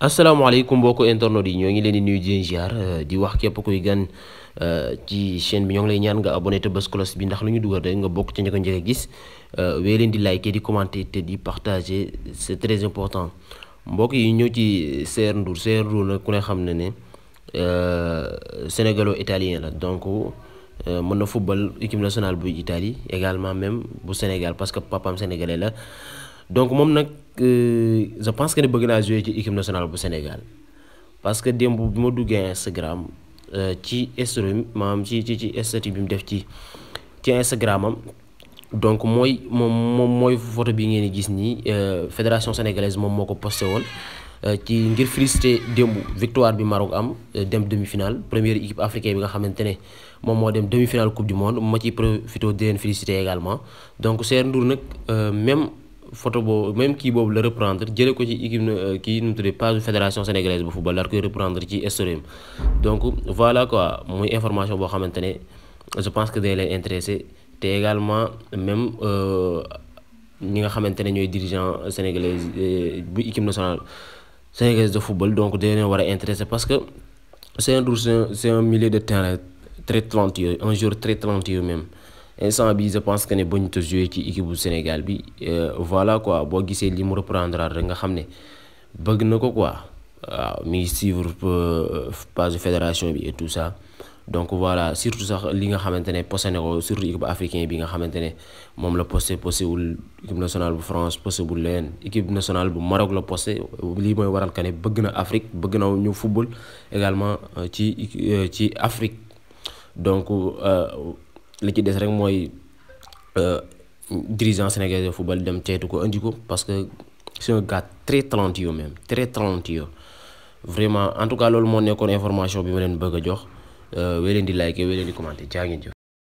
asalaamaaleykum mbokki internet yi ñoo ngi leen di nuyu di ziar euh, di wax képp kuy gan euh, ci chain bi ñoo ngi lay ñaan nga abonné te bi ndax lu ñu dugal rek nga bokk ci ña ko njëkk a gis euh, wéy leen di liker di commenter te di partager c'est très important mbokk yi ñëw ci Cher Ndour Cher Ndour nag ku ne xam ne ne sénégalo italien la donc mën na football équipe nationale bu Italie également même bu Sénégal parce que papam sénégalais la. donc moom nag euh, je pense que ni bëgg naa jouer ci équipe nationale bu Sénégal parce que démb bi ma duggee Instagram euh, ci story maanaam ci ci ci statut bi mu def ci ci Instagram am donc mooy moom moom mooy photo bi ngeen di gis nii euh, fédération sénégalaise moom moo ko posté woon ci ngir félicité démb victoire bi Maroc am dem demi-finale première équipe africaine bi nga xamante ne moom moo dem demi-finale coupe du monde ma ci profité di leen félicité également donc Cher Ndour nag même photo boobu même kii boobu la reprendre jële ko ci équipe euh, kii nu mu tuddee page fédération sénégalaise de football daal koy reprendre ci historiam donc voilà quoi muy information boo xamante ne je pense que day leen intéressé te également même euh, ñi nga xamante ne ñooy dirigeant sénégalais euh, bu équipe nationale sénégalaise de football donc day leen war a intéressé parce que c'est un c'est un milieu de terrain très talentueux un joueur très talentueux même je pense que ne bon te ci équipe Sénégal euh, voilà quoi bo li mu reprendre nga xamné ne quoi waaw euh, fédération et tout ça donc voilà surtout sax li nga ne équipe africain bi nga xamantene ne la équipe nationale bu France possible, wul équipe nationale bu Maroc la li moy waral kané Afrique bëgg ñu football également euh, ci ci Afrique donc li ci des rek mooy euh, dirigeant sénégalais de football dem ceytu ko indi ko parce que c'est un gars très talentueux même très talentueux vraiment en tout cas loolu moo nekkoon information bi ma leen bëgg a jox euh, wéy leen di liker wéy leen di commenter jaa ngeen jëf